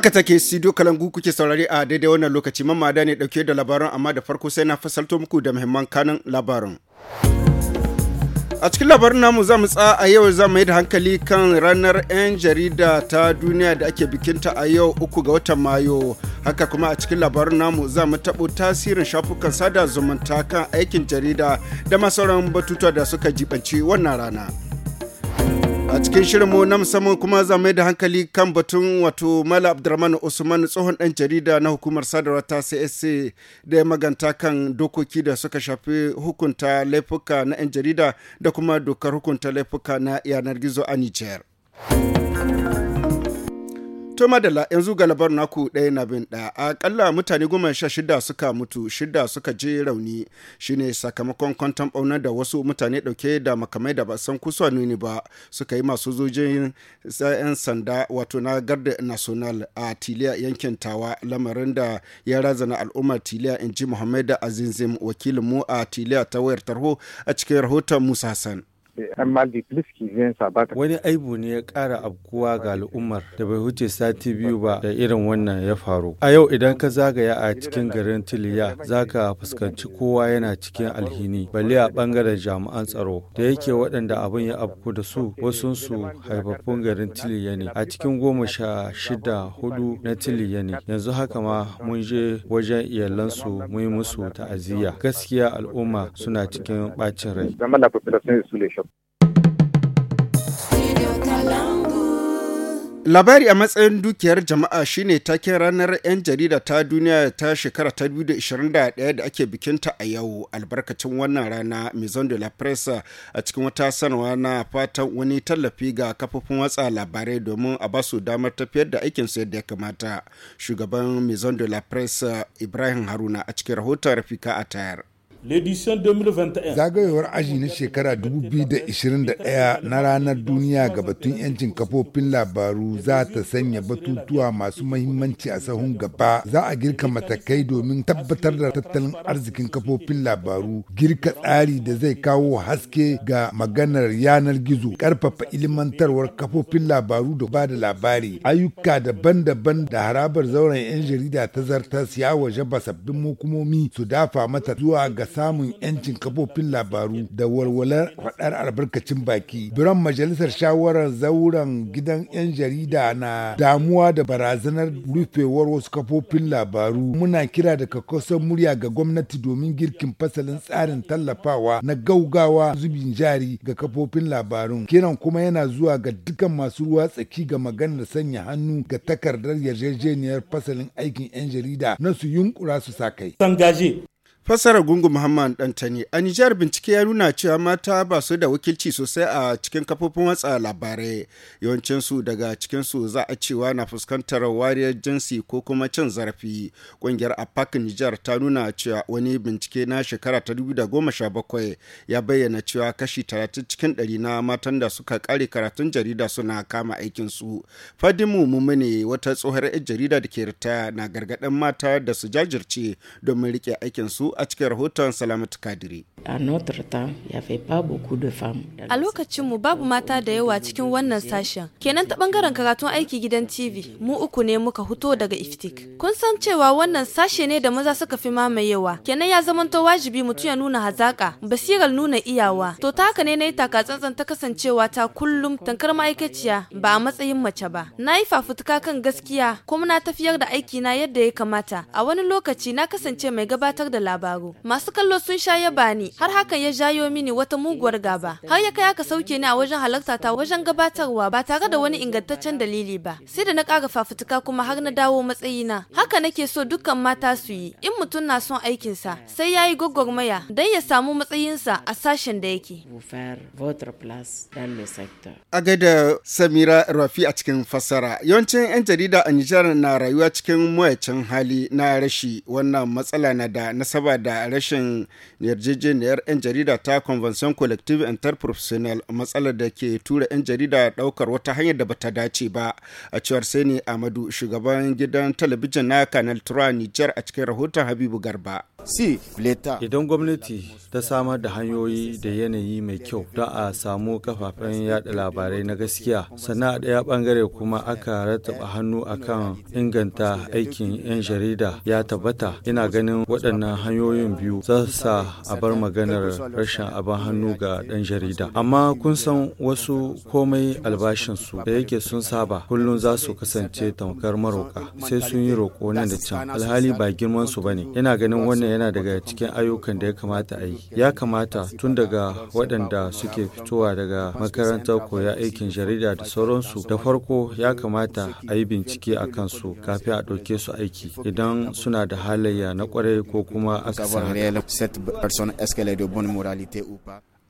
Haka take studio kalangu kuke saurari a daidai wannan lokaci mamma da ne dauke da labaran amma da farko sai na fasalto muku da muhimman kanin labarin. A cikin labarin namu za mu tsa a yau za mu yi da hankali kan ranar 'yan jarida ta duniya da ake bikinta a yau uku ga watan Mayu. Haka kuma a cikin labarin namu za mu taɓo tasirin shafukan sada zumunta kan aikin jarida da masauran batutuwa da suka jibanci wannan rana. a cikin shirinmu na musamman kuma za mai da hankali kan batun wato mala abdurrahman usman tsohon ɗan jarida na hukumar sadarwa ta csc da ya maganta kan dokoki da suka shafi hukunta laifuka na 'yan jarida da kuma dokar hukunta laifuka na yanar gizo a niger To madalla yanzu ga naku ɗaya na bin ɗaya akalla mutane goma sha shida suka mutu shida suka je rauni shine sakamakon kwantan ɓauna da wasu mutane ɗauke da makamai da ba san kusa nuni ba suka yi masu zojin 'yan sanda wato na garda national a tiliya yankin tawa lamarin da ya razana al'ummar tiliya in ji muhammad azizim wakilin mu a tiliya ta wayar tarho a cikin rahoton musa hassan. Wani aibu ne ya ƙara abkuwa ga al'ummar da bai wuce sati biyu ba da irin wannan ya faru. A yau idan ka zagaya a cikin garin Tiliya za ka fuskanci kowa yana cikin alhini balle a ɓangaren jami'an tsaro da yake waɗanda abin ya abku da su wasu su haifaffun garin Tiliya ne a cikin goma sha shida hudu na Tiliya ne yanzu haka ma mun je wajen iyalansu mun yi musu ta'aziyya gaskiya al'umma suna cikin ɓacin rai. Labari a matsayin dukiyar jama'a shine taken ranar 'yan jarida ta duniya ta shekara ta 2021 da ake bikinta a yau albarkacin wannan rana Maison de la Presse a cikin wata sanarwa na fatan wani tallafi ga kafofin watsa labarai domin a basu damar tafiyar da aikin su yadda ya kamata. Shugaban Maison de la Presse Ibrahim Haruna a cikin rahoton Rafika Atayar. L'édition 2021. Zagayowar aji na shekara 2021 na ranar duniya ga batun 'yancin kafofin labaru za ta sanya batutuwa masu mahimmanci a sahun gaba za a girka matakai domin tabbatar da tattalin arzikin kafofin labaru girka tsari da zai kawo haske ga maganar yanar gizo karfafa ilimantarwar kafofin labaru da ba da labari ayyuka daban-daban da harabar zauren 'yan jarida ta zartas ya waje ba sabbin hukumomi su dafa mata zuwa ga samun 'yancin kafofin labaru da walwalar faɗar albarkacin baki. Biran majalisar shawarar zauren gidan 'yan jarida na damuwa da barazanar rufewar wasu kafofin labaru. Muna kira da kakkausar murya ga gwamnati domin girkin fasalin tsarin tallafawa na gaugawa zubin jari ga kafofin labarun. Kiran kuma yana zuwa ga dukkan masu ruwa tsaki ga maganar sanya hannu ga takardar yarjejeniyar fasalin aikin 'yan jarida na su yunkura su sa kai. Fasarar Gungu Muhammad Dantani a Nijar bincike ya nuna cewa mata ba su da wakilci sosai a cikin kafofin watsa labarai yawancinsu daga cikinsu za a cewa na fuskantar wariyar jinsi ko kuma cin zarafi. Ƙungiyar APAC Nijar ta nuna cewa wani bincike na shekara ta bakwai ya bayyana cewa kashi 30 cikin 100 na matan da suka kare karatun jarida suna kama aikinsu. Fadimu Mumune wata tsohuwar jarida da ke ritaya na gargaɗin mata da su jajirce domin riƙe aikinsu a cikin rahoton salamatu kadiri A notre lokacin mu babu mata da yawa cikin wannan sashen. Kenan ta bangaren karatun aiki gidan TV, mu uku ne muka huto daga iftik. Kun san cewa wannan sashe ne da maza suka fi mamayewa. Kenan ya zamanto wajibi mutum ya nuna hazaka, basirar nuna iyawa. To ta haka ne na yi takatsantsan ta kasancewa ta kullum tankar ma'aikaciya ba a matsayin mace ba. Na yi fafutuka kan gaskiya kuma na tafiyar da aiki na yadda ya kamata. A wani lokaci na kasance mai gabatar da labaru. Masu kallo sun sha yaba ni har haka ya jayo mini wata muguwar gaba har ya kai aka sauke ni a wajen halarta ta wajen gabatarwa ba tare da wani ingantaccen dalili ba sai da na ƙara fafutuka kuma har na dawo matsayina haka nake so dukkan mata su yi in mutum na son aikin sa sai yayi yi gwagwarmaya don ya samu matsayin sa a sashen da yake a gaida samira rafi a cikin fassara yawancin 'yan jarida a nijar na rayuwa cikin mawacin hali na rashi wannan matsala na da nasaba da rashin yarjejeniya 'yar 'yan jarida ta convention collective interprofessional matsalar da ke tura 'yan jarida daukar wata hanyar da bata dace ba a cewar sani amadu shugaban gidan talabijin na canal tura niger a cikin rahoton habibu garba Idan gwamnati ta samar da hanyoyi da yanayi mai kyau don a samu kafafen yada labarai na gaskiya, sana'a a ɗaya ɓangare kuma aka rataba hannu akan inganta aikin 'yan jarida ya tabbata ina ganin waɗannan hanyoyin biyu za su sa a bar maganar rashin abin hannu ga ɗan jarida. Amma kun san wasu komai albashinsu da yake sun saba kullum za su kasance tamkar maroka sai sun yi roƙo nan da can alhali ba girmansu ba ne. ina ganin wannan yana daga cikin ayyukan da ya kamata a yi. Ya kamata tun daga waɗanda suke fitowa daga makarantar koya aikin jarida da sauransu da farko ya kamata a yi bincike a kansu kafin a ɗauke su aiki idan suna da halayya na kwarai ko kuma aka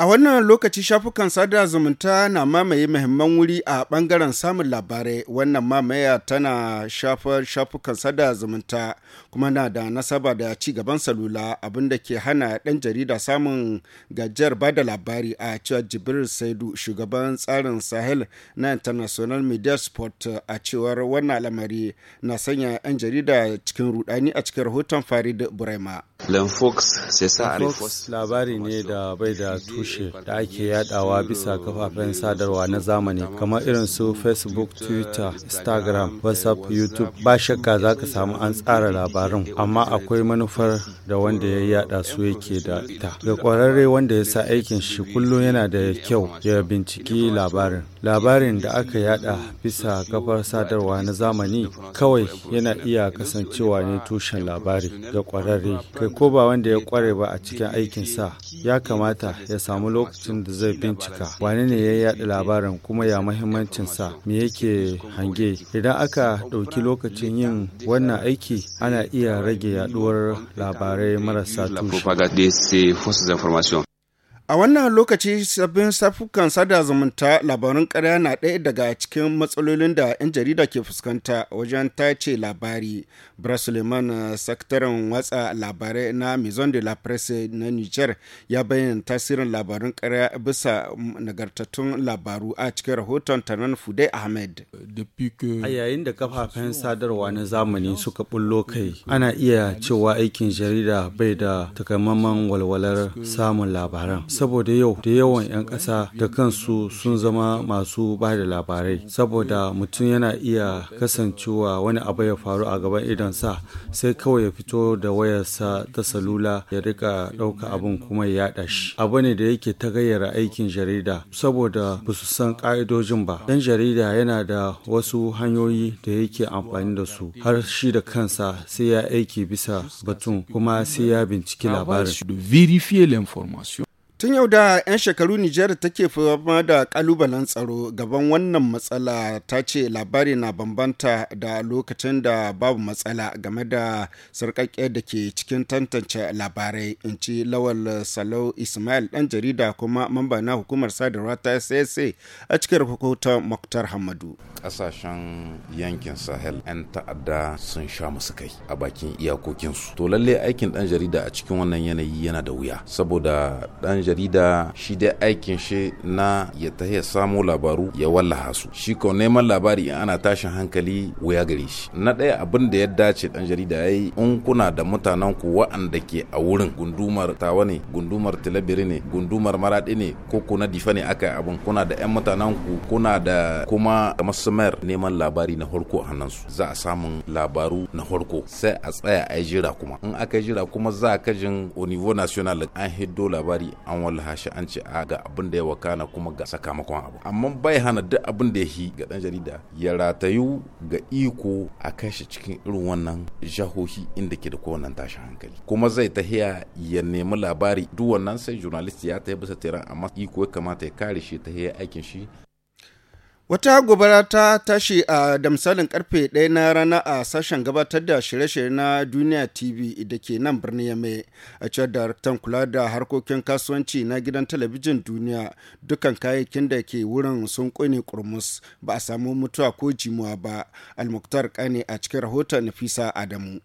A wannan lokaci shafukan sada zumunta na mamaye muhimman wuri a bangaren samun labarai wannan mamaya tana shafar shafukan sada zumunta kuma na da nasaba da ci gaban salula abinda ke hana ɗan jarida samun gajiyar ba da labari a cewar jibril saidu shugaban tsarin sahel na international media sport a cewar wannan lamari na sanya 'yan jarida cikin rudani a cikin rahoton farid burema labari ne da bai da tushe da ake yadawa bisa kafafen sadarwa na zamani kamar irin su facebook twitter instagram whatsapp youtube ba shakka za ka samu an tsara labari labarin amma akwai manufar da wanda ya yada su yake da ita ga kwararre wanda ya sa aikin shi kullum yana da kyau ya binciki labarin labarin da aka yada bisa kafar sadarwa na zamani kawai yana iya kasancewa ne tushen labari ga kwararre kai ko ba wanda ya kware ba a cikin aikinsa ya kamata ya samu lokacin da zai bincika Wani ne ya yada labarin kuma ya sa me yake hange idan aka ɗauki lokacin yin wannan aiki ana iya rage yaduwar labarai marasa tushe A wannan lokaci sabbin safukan sada zumunta labarun karya na ɗaya daga cikin matsalolin da 'yan jarida ke fuskanta wajen tace labari. Bra Suleiman sakataren watsa labarai na Maison de la Presse na Niger ya bayyana tasirin labarun karya bisa nagartattun labaru a cikin rahoton Tanan Fude Ahmed. A yayin da kafafen sadarwa na zamani suka bullo kai, ana iya cewa aikin jarida bai da takamaiman walwalar samun labaran. saboda yau da yawan 'yan ƙasa da kansu sun zama masu ba da labarai saboda mutum yana iya kasancewa wani abu ya faru a gaban idonsa sai kawai ya fito da wayarsa ta salula ya rika ɗauka abin kuma ya yaɗa shi abu ne da yake ta gayyara aikin jarida saboda ba su san ƙa'idojin ba ɗan jarida yana da wasu hanyoyi da yake amfani da su har shi da kansa sai ya aiki bisa batun kuma sai ya binciki labarin. Tun yau da 'yan shekaru Nijar take fama da kalubalen tsaro gaban wannan matsala ta ce labari na bambanta da lokacin da babu matsala game da sarƙaƙƙe da ke cikin tantance labarai in ci lawal salau Ismail ɗan jarida kuma mamba na hukumar sadarwa ta SSA a cikin rahoton Muktar Hamadu. Ƙasashen yankin Sahel 'yan ta'adda sun sha musu kai a bakin iyakokinsu. To lallai aikin ɗan jarida a cikin wannan yanayi yana da wuya saboda dan jarida shi dai aikin shi na ya ta samo labaru ya wallaha su shi ko neman labari in ana tashin hankali wuya gare shi na ɗaya abin da ya dace dan jarida yayi in kuna da mutanen ku wa'anda ke a wurin gundumar tawa ne gundumar talabiri ne gundumar maraɗi ne ko kuna difa ne aka abin kuna da yan mutanen ku kuna da kuma kamar neman labari na harko a hannunsu za a samun labaru na harko sai a tsaya a jira kuma in aka jira kuma za ka kajin au niveau national an hiddo labari an an wallaha an ce a ga abin da ya wakana kuma ga sakamakon abu amma bai hana duk abin da ya yi ga dan jarida ya ratayu ga iko a kai shi cikin irin wannan jahohi inda ke da kowannan tashin hankali kuma zai tahiya ya nemi labari duk wannan sai journalist ya ta bisa tiran amma iko ya kamata ya kare shi ta aikin shi Wata gobara ta tashi a da misalin karfe ɗaya na rana a sashen gabatar da shirye-shirye na Duniya TV da ke nan birnin Yame a cewar daraktan kula da harkokin kasuwanci na gidan talabijin Duniya dukkan kayayyakin da ke wurin sun kone kurmus ba a samu mutuwa ko jimuwa ba. Almuktar Kane a cikin rahoton Nafisa Adamu.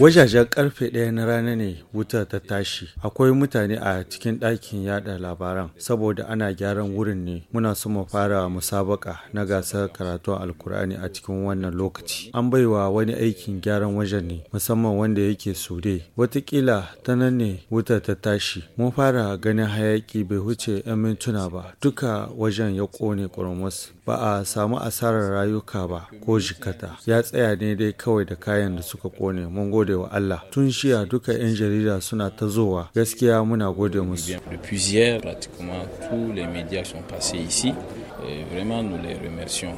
Wajajen karfe ɗaya na rana ne wuta ta tashi. Akwai mutane a cikin ɗakin yada labaran saboda ana gyaran wurin ne muna so mu fara musabaka na gasar karatu alkur'ani a cikin wannan lokaci. An baiwa wani aikin gyaran wajen ne musamman wanda yake sude Watakila ta nan ne wuta ta tashi. Mun fara ganin hayaki bai huce 'yan mintuna ba. Duka wajen ya kone ƙormus. Ba a samu asarar rayuka ba ko jikata. Ya tsaya tsaya ne dai kawai da kayan da suka kone mun gode wa Allah tun shiya duka 'yan jarida suna ta zowa gaskiya muna gode musu Vraiment, nous les remercions.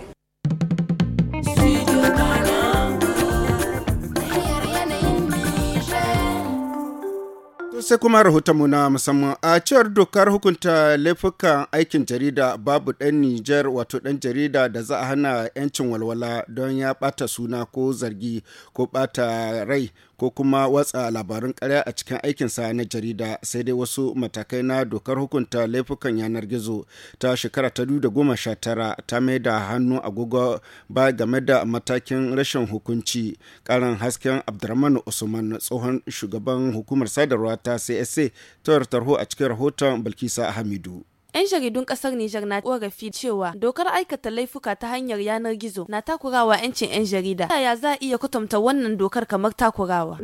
sai kuma rahotonmu na musamman a cewar dokar hukunta laifukan aikin jarida babu ɗan Nijar wato ɗan jarida da za a hana 'yancin walwala don ya ɓata suna ko zargi ko bata rai ko kuma watsa labarun karya a cikin aikin aikinsa na jarida sai dai wasu matakai na dokar hukunta laifukan yanar gizo ta shekara ta tara ta mai da hannu agogo ba game da matakin rashin hukunci karin hasken abdurrahman usman tsohon shugaban hukumar sadarwa ta csa ta tarho a cikin rahoton bilkisa hamidu 'Yan jaridun kasar Nijar na korafi cewa dokar aikata laifuka ta hanyar yanar gizo na takurawa 'yancin 'yan jarida. Yaya za a iya kwatanta wannan dokar kamar takurawa?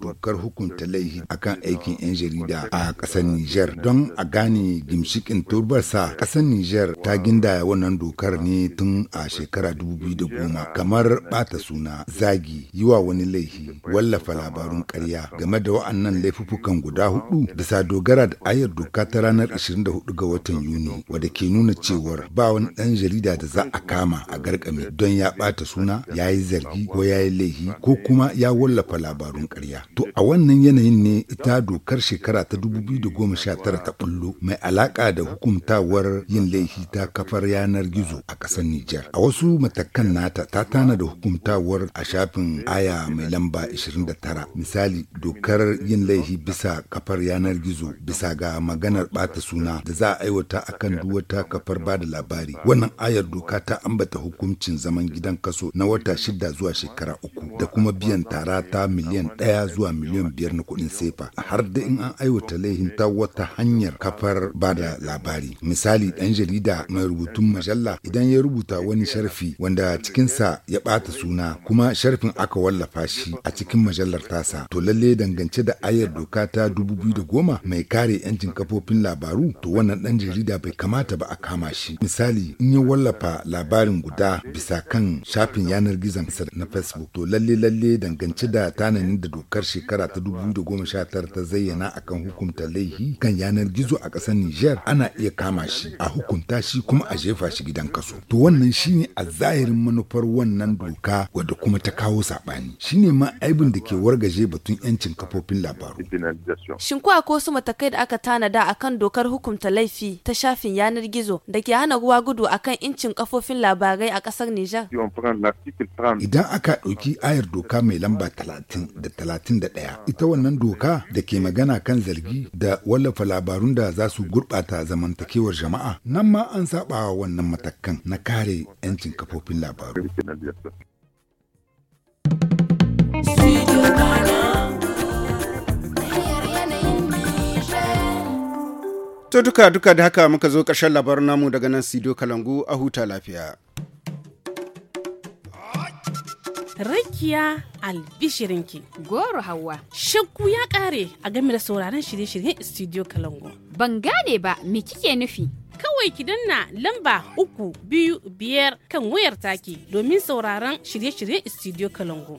Dokar hukunta laifi akan aikin 'yan jarida a kasar Nijar don a gane gimshikin turbarsa kasar Nijar ta gindaya wannan dokar ne tun a shekara goma kamar bata suna zagi yiwa wani laifi wallafa labarun karya game da wa'annan laifukan guda hudu da sa dogara da ayar doka ta ranar 20 24 ga watan Yuni wadda ke nuna cewar ba wani dan jarida da za a kama a garkame don ya bata suna ya yi zargi ko ya yi laihi ko kuma ya wallafa labarun karya. To a wannan yanayin ne ita dokar shekara ta 2019 ta bullo mai alaƙa da hukumtawar yin laifi ta kafar yanar gizo a kasar Nijar. A wasu matakan nata ta tana da hukumtawar a shafin aya mai lamba 29 misali dokar yin laifi bisa kafar yanar gizo bisa ga maganar bata suna da za a aiwata akan duk wata kafar ba da labari wannan ayar doka ta ambata hukuncin zaman gidan kaso na wata shida zuwa shekara uku da kuma biyan tara ta miliyan ɗaya zuwa miliyan biyar na kuɗin sefa har da in an aiwata laihin ta wata hanyar kafar ba da labari misali ɗan jarida mai rubutun majalla idan ya rubuta wani sharfi wanda cikinsa ya ɓata suna kuma sharfin aka wallafa shi a cikin majallar tasa to lalle dangance da ayar doka ta dubu biyu da goma mai kare 'yancin kafofin labaru to wannan dan jarida bai kamata ba a kama shi misali in ya wallafa labarin guda bisa kan shafin yanar gizon na facebook to lalle lalle dangance da tanani da dokar shekara ta 2019 ta zayyana akan hukunta laihi kan yanar gizo a ƙasar niger ana iya kama shi a hukunta shi kuma a jefa shi gidan kaso to wannan shine a zahirin manufar wannan doka wadda kuma ta kawo saɓani shine ma aibin da ke wargaje batun 'yancin kafofin labaru shin ko akwai wasu matakai da aka tanada akan dokar hukunta hukunta laifi ta shafin yanar gizo da ke hana ruwa gudu akan incin kafofin labarai a ƙasar Nijar. Idan aka ɗauki ayar doka mai lamba talatin da talatin da ɗaya, ita wannan doka da ke magana kan zargi da wallafa labarun da za su gurɓata zamantakewar jama'a, nan ma an saɓa wannan matakan na kare 'yancin kafofin labaru. To duka duka da haka muka zo ƙarshen labarin namu daga nan Sido Kalangu a huta lafiya. Rakiya albishirinki goro hawa shakku ya ƙare a game da sauraron shirye-shiryen Studio Kalangu. Ban gane ba me kike nufi? Kawai ki danna lamba uku biyu biyar kan wayar take domin sauraron shirye-shiryen Studio Kalangu.